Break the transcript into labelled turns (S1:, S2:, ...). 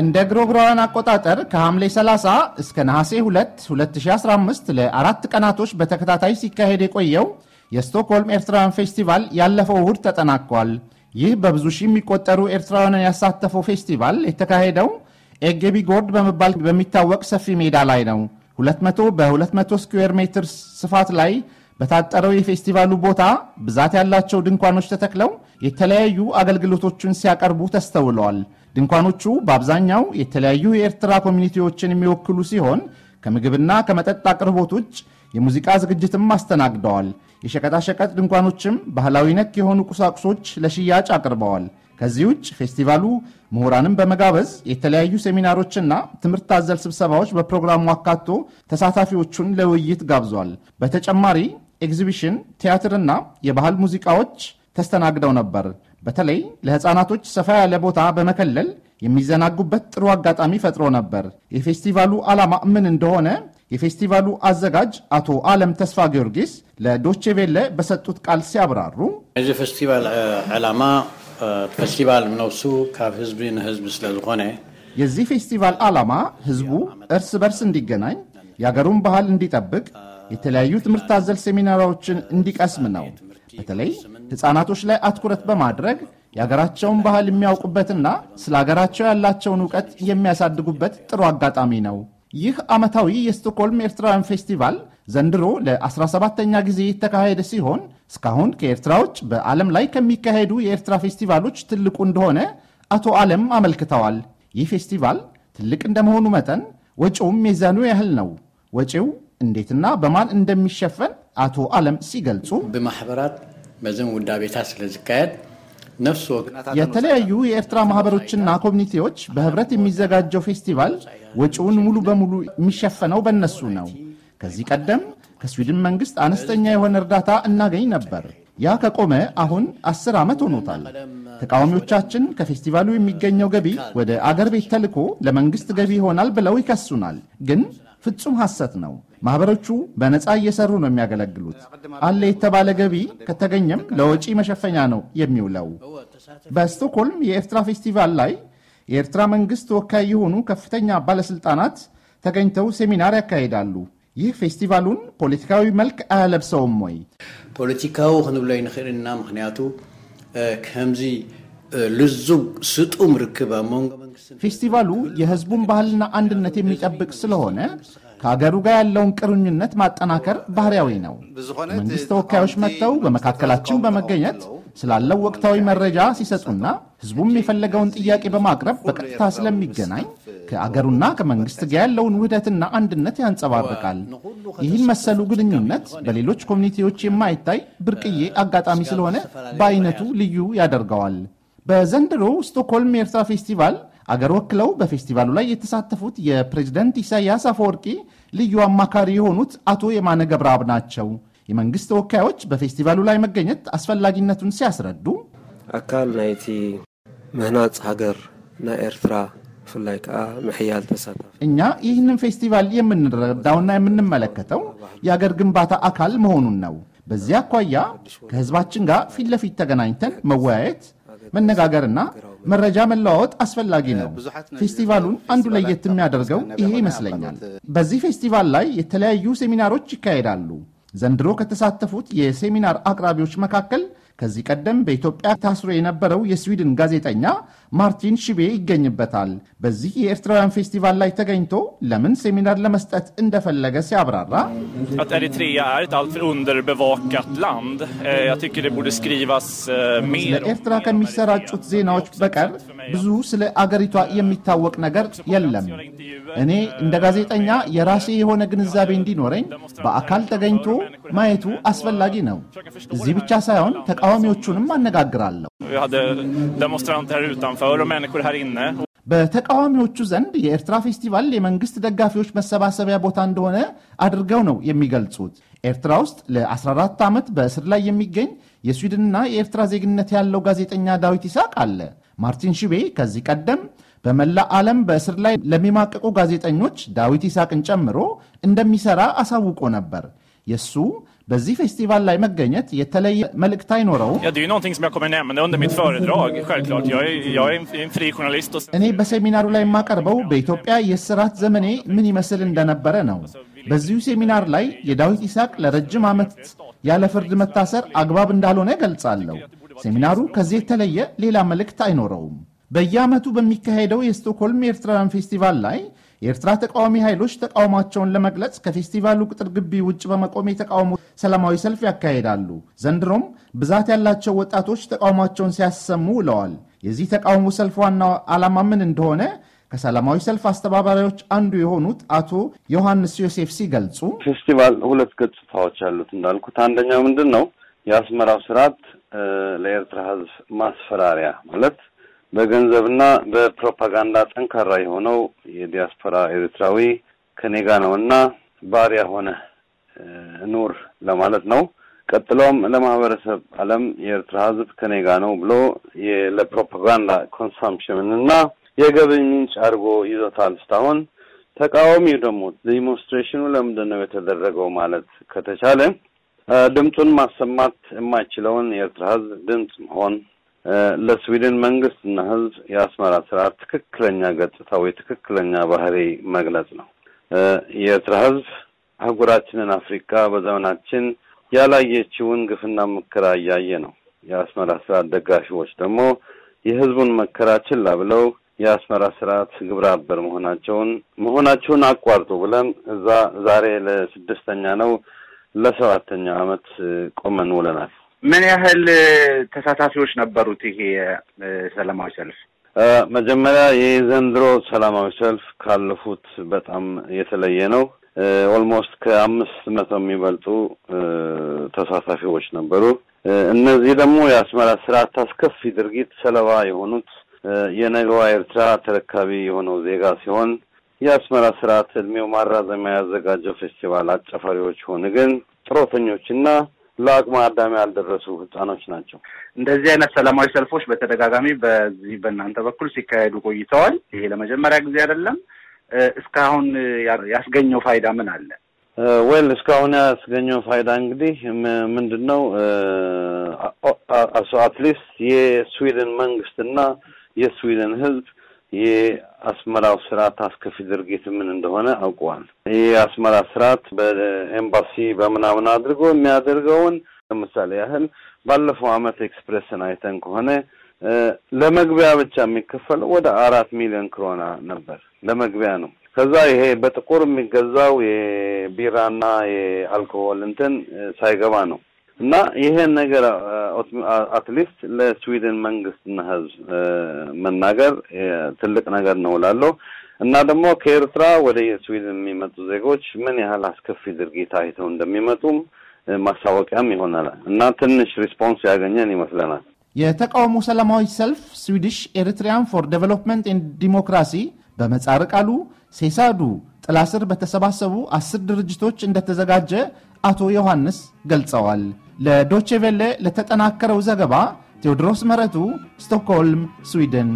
S1: እንደ ግሮግራውያን አቆጣጠር ከሐምሌ 30 እስከ ነሐሴ 2 2015 ለአራት ቀናቶች በተከታታይ ሲካሄድ የቆየው የስቶክሆልም ኤርትራውያን ፌስቲቫል ያለፈው እሁድ ተጠናቋል። ይህ በብዙ ሺህ የሚቆጠሩ ኤርትራውያንን ያሳተፈው ፌስቲቫል የተካሄደው ኤጌቢ ጎርድ በመባል በሚታወቅ ሰፊ ሜዳ ላይ ነው። 200 በ200 ስኩዌር ሜትር ስፋት ላይ በታጠረው የፌስቲቫሉ ቦታ ብዛት ያላቸው ድንኳኖች ተተክለው የተለያዩ አገልግሎቶችን ሲያቀርቡ ተስተውለዋል። ድንኳኖቹ በአብዛኛው የተለያዩ የኤርትራ ኮሚኒቲዎችን የሚወክሉ ሲሆን ከምግብና ከመጠጥ አቅርቦት ውጭ የሙዚቃ ዝግጅትም አስተናግደዋል። የሸቀጣሸቀጥ ድንኳኖችም ባህላዊ ነክ የሆኑ ቁሳቁሶች ለሽያጭ አቅርበዋል። ከዚህ ውጭ ፌስቲቫሉ ምሁራንም በመጋበዝ የተለያዩ ሴሚናሮችና ትምህርት አዘል ስብሰባዎች በፕሮግራሙ አካቶ ተሳታፊዎቹን ለውይይት ጋብዟል። በተጨማሪ ኤግዚቢሽን፣ ቲያትርና የባህል ሙዚቃዎች ተስተናግደው ነበር። በተለይ ለሕፃናቶች ሰፋ ያለ ቦታ በመከለል የሚዘናጉበት ጥሩ አጋጣሚ ፈጥሮ ነበር። የፌስቲቫሉ ዓላማ ምን እንደሆነ የፌስቲቫሉ አዘጋጅ አቶ አለም ተስፋ ጊዮርጊስ ለዶቼቬለ በሰጡት ቃል ሲያብራሩ
S2: እዚ ፌስቲቫል ዓላማ ፌስቲቫል ነብሱ ካብ ህዝቢ ንህዝቢ ስለዝኾነ
S1: የዚህ ፌስቲቫል ዓላማ ህዝቡ እርስ በርስ እንዲገናኝ የአገሩን ባህል እንዲጠብቅ የተለያዩ ትምህርት አዘል ሴሚናሮችን እንዲቀስም ነው። በተለይ ሕፃናቶች ላይ አትኩረት በማድረግ የአገራቸውን ባህል የሚያውቁበትና ስለ አገራቸው ያላቸውን እውቀት የሚያሳድጉበት ጥሩ አጋጣሚ ነው። ይህ ዓመታዊ የስቶኮልም ኤርትራውያን ፌስቲቫል ዘንድሮ ለ17ኛ ጊዜ የተካሄደ ሲሆን እስካሁን ከኤርትራ ውጭ በዓለም ላይ ከሚካሄዱ የኤርትራ ፌስቲቫሎች ትልቁ እንደሆነ አቶ ዓለም አመልክተዋል። ይህ ፌስቲቫል ትልቅ እንደመሆኑ መጠን ወጪውም ሚዛኑ ያህል ነው። ወጪው እንዴትና በማን እንደሚሸፈን አቶ አለም ሲገልጹ ብማሕበራት መዘን ውዳቤታ ስለዝካየድ የተለያዩ የኤርትራ ማህበሮችና ኮሚኒቲዎች በህብረት የሚዘጋጀው ፌስቲቫል ወጪውን ሙሉ በሙሉ የሚሸፈነው በእነሱ ነው። ከዚህ ቀደም ከስዊድን መንግስት አነስተኛ የሆነ እርዳታ እናገኝ ነበር። ያ ከቆመ አሁን አስር ዓመት ሆኖታል። ተቃዋሚዎቻችን ከፌስቲቫሉ የሚገኘው ገቢ ወደ አገር ቤት ተልኮ ለመንግስት ገቢ ይሆናል ብለው ይከሱናል ግን ፍጹም ሐሰት ነው። ማህበሮቹ በነፃ እየሰሩ ነው የሚያገለግሉት። አለ የተባለ ገቢ ከተገኘም ለወጪ መሸፈኛ ነው የሚውለው። በስቶክሆልም የኤርትራ ፌስቲቫል ላይ የኤርትራ መንግስት ተወካይ የሆኑ ከፍተኛ ባለስልጣናት ተገኝተው ሴሚናር ያካሂዳሉ። ይህ ፌስቲቫሉን ፖለቲካዊ መልክ አያለብሰውም ወይ? ፖለቲካዊ ክንብሎ ይንክእልና ምክንያቱ
S2: ከምዚ ስጡም ርክብ
S1: ፌስቲቫሉ የህዝቡን ባህልና አንድነት የሚጠብቅ ስለሆነ ከሀገሩ ጋር ያለውን ቅርኝነት ማጠናከር ባህርያዊ ነው። መንግስት ተወካዮች መጥተው በመካከላችን በመገኘት ስላለው ወቅታዊ መረጃ ሲሰጡና ህዝቡም የፈለገውን ጥያቄ በማቅረብ በቀጥታ ስለሚገናኝ ከአገሩና ከመንግስት ጋር ያለውን ውህደትና አንድነት ያንጸባርቃል። ይህን መሰሉ ግንኙነት በሌሎች ኮሚኒቲዎች የማይታይ ብርቅዬ አጋጣሚ ስለሆነ በአይነቱ ልዩ ያደርገዋል። በዘንድሮ ስቶክሆልም የኤርትራ ፌስቲቫል አገር ወክለው በፌስቲቫሉ ላይ የተሳተፉት የፕሬዚደንት ኢሳያስ አፈወርቂ ልዩ አማካሪ የሆኑት አቶ የማነ ገብረአብ ናቸው። የመንግስት ተወካዮች በፌስቲቫሉ ላይ መገኘት አስፈላጊነቱን ሲያስረዱ አካል ናይቲ ምህናፅ ሃገር ናይ ኤርትራ ብፍላይ ከዓ ምሕያል ተሳታፊ እኛ ይህንን ፌስቲቫል የምንረዳውና የምንመለከተው የአገር ግንባታ አካል መሆኑን ነው። በዚህ አኳያ ከህዝባችን ጋር ፊት ለፊት ተገናኝተን መወያየት መነጋገርና መረጃ መለዋወጥ አስፈላጊ ነው። ፌስቲቫሉን አንዱ ለየት የሚያደርገው ይሄ ይመስለኛል። በዚህ ፌስቲቫል ላይ የተለያዩ ሴሚናሮች ይካሄዳሉ። ዘንድሮ ከተሳተፉት የሴሚናር አቅራቢዎች መካከል ከዚህ ቀደም በኢትዮጵያ ታስሮ የነበረው የስዊድን ጋዜጠኛ ማርቲን ሽቤ ይገኝበታል። በዚህ የኤርትራውያን ፌስቲቫል ላይ ተገኝቶ ለምን ሴሚናር ለመስጠት እንደፈለገ ሲያብራራ eh, eh, ኤርትራ ከሚሰራጩት ዜናዎች በቀር ብዙ ስለ አገሪቷ የሚታወቅ ነገር የለም። እኔ እንደ ጋዜጠኛ የራሴ የሆነ ግንዛቤ እንዲኖረኝ በአካል ተገኝቶ ማየቱ አስፈላጊ ነው። እዚህ ብቻ ሳይሆን ተቃዋሚዎቹንም አነጋግራለሁ። በተቃዋሚዎቹ ዘንድ የኤርትራ ፌስቲቫል የመንግስት ደጋፊዎች መሰባሰቢያ ቦታ እንደሆነ አድርገው ነው የሚገልጹት። ኤርትራ ውስጥ ለ14 ዓመት በእስር ላይ የሚገኝ የስዊድንና የኤርትራ ዜግነት ያለው ጋዜጠኛ ዳዊት ይስሐቅ አለ። ማርቲን ሽቤ ከዚህ ቀደም በመላ ዓለም በእስር ላይ ለሚማቀቁ ጋዜጠኞች ዳዊት ይስሐቅን ጨምሮ እንደሚሰራ አሳውቆ ነበር። የእሱ በዚህ ፌስቲቫል ላይ መገኘት የተለየ መልእክት አይኖረው። እኔ በሴሚናሩ ላይ የማቀርበው በኢትዮጵያ የስራት ዘመኔ ምን ይመስል እንደነበረ ነው። በዚሁ ሴሚናር ላይ የዳዊት ይስሐቅ ለረጅም ዓመት ያለ ፍርድ መታሰር አግባብ እንዳልሆነ ገልጻለሁ። ሴሚናሩ ከዚህ የተለየ ሌላ መልእክት አይኖረውም። በየዓመቱ በሚካሄደው የስቶክሆልም ኤርትራውያን ፌስቲቫል ላይ የኤርትራ ተቃዋሚ ኃይሎች ተቃውሟቸውን ለመግለጽ ከፌስቲቫሉ ቅጥር ግቢ ውጭ በመቆም የተቃውሞ ሰላማዊ ሰልፍ ያካሂዳሉ። ዘንድሮም ብዛት ያላቸው ወጣቶች ተቃውሟቸውን ሲያሰሙ ውለዋል። የዚህ ተቃውሞ ሰልፍ ዋና ዓላማ ምን እንደሆነ ከሰላማዊ ሰልፍ አስተባባሪዎች አንዱ የሆኑት አቶ ዮሐንስ ዮሴፍ ሲገልጹ ፌስቲቫል
S2: ሁለት ገጽታዎች ያሉት እንዳልኩት፣ አንደኛው ምንድን ነው የአስመራው ስርዓት ለኤርትራ ሕዝብ ማስፈራሪያ ማለት በገንዘብና በፕሮፓጋንዳ ጠንካራ የሆነው የዲያስፖራ ኤርትራዊ ከኔ ጋ ነው እና ባሪያ ሆነ ኑር ለማለት ነው። ቀጥሎም ለማህበረሰብ ዓለም የኤርትራ ህዝብ ከኔ ጋ ነው ብሎ ለፕሮፓጋንዳ ኮንሳምፕሽን እና የገቢ ምንጭ አድርጎ ይዞታል እስካሁን። ተቃዋሚው ደግሞ ዲሞንስትሬሽኑ ለምንድን ነው የተደረገው ማለት ከተቻለ ድምፁን ማሰማት የማይችለውን የኤርትራ ህዝብ ድምፅ መሆን ለስዊድን መንግስትና ህዝብ የአስመራ ስርዓት ትክክለኛ ገጽታ ወይ ትክክለኛ ባህሪ መግለጽ ነው። የኤርትራ ህዝብ አህጉራችንን አፍሪካ በዘመናችን ያላየችውን ግፍና መከራ እያየ ነው። የአስመራ ስርዓት ደጋፊዎች ደግሞ የህዝቡን መከራ ችላ ብለው የአስመራ ስርዓት ግብረ አበር መሆናቸውን መሆናቸውን አቋርጡ ብለን እዛ ዛሬ ለስድስተኛ ነው ለሰባተኛ አመት ቆመን ውለናል። ምን ያህል ተሳታፊዎች ነበሩት ይሄ ሰላማዊ ሰልፍ? መጀመሪያ የዘንድሮ ሰላማዊ ሰልፍ ካለፉት በጣም የተለየ ነው። ኦልሞስት ከአምስት መቶ የሚበልጡ ተሳታፊዎች ነበሩ። እነዚህ ደግሞ የአስመራ ስርዓት አስከፊ ድርጊት ሰለባ የሆኑት የነገዋ ኤርትራ ተረካቢ የሆነው ዜጋ ሲሆን የአስመራ ስርዓት እድሜው ማራዘሚያ ያዘጋጀው ፌስቲቫል አጨፋሪዎች ሆን ግን ጥሮተኞችና ለአቅመ አዳሚ ያልደረሱ ህጻኖች ናቸው። እንደዚህ አይነት ሰላማዊ ሰልፎች በተደጋጋሚ በዚህ በእናንተ በኩል ሲካሄዱ ቆይተዋል። ይሄ ለመጀመሪያ ጊዜ አይደለም። እስካሁን ያስገኘው ፋይዳ ምን አለ? ወይል እስካሁን ያስገኘው ፋይዳ እንግዲህ ምንድን ነው? አትሊስት የስዊድን መንግስትና የስዊድን ህዝብ የአስመራው ስርዓት አስከፊ ድርጊት ምን እንደሆነ አውቀዋል። የአስመራ ስርዓት በኤምባሲ በምናምን አድርጎ የሚያደርገውን ለምሳሌ ያህል ባለፈው አመት ኤክስፕሬስን አይተን ከሆነ ለመግቢያ ብቻ የሚከፈለው ወደ አራት ሚሊዮን ክሮና ነበር። ለመግቢያ ነው። ከዛ ይሄ በጥቁር የሚገዛው የቢራና የአልኮሆል እንትን ሳይገባ ነው እና ይሄን ነገር አትሊስት ለስዊድን መንግስትና ህዝብ መናገር ትልቅ ነገር ነው እላለሁ። እና ደግሞ ከኤርትራ ወደ ስዊድን የሚመጡ ዜጎች ምን ያህል አስከፊ ድርጊት አይተው እንደሚመጡም ማሳወቂያም ይሆናል እና ትንሽ ሪስፖንስ ያገኘን ይመስለናል።
S1: የተቃውሞ ሰላማዊ ሰልፍ ስዊድሽ ኤርትሪያን ፎር ዴቨሎፕመንት ኤንድ ዲሞክራሲ በመጻር ቃሉ ሴሳዱ ጥላ ስር በተሰባሰቡ አስር ድርጅቶች እንደተዘጋጀ አቶ ዮሐንስ ገልጸዋል። ለዶቼቬሌ ለተጠናከረው ዘገባ ቴዎድሮስ መረቱ ስቶክሆልም ስዊድን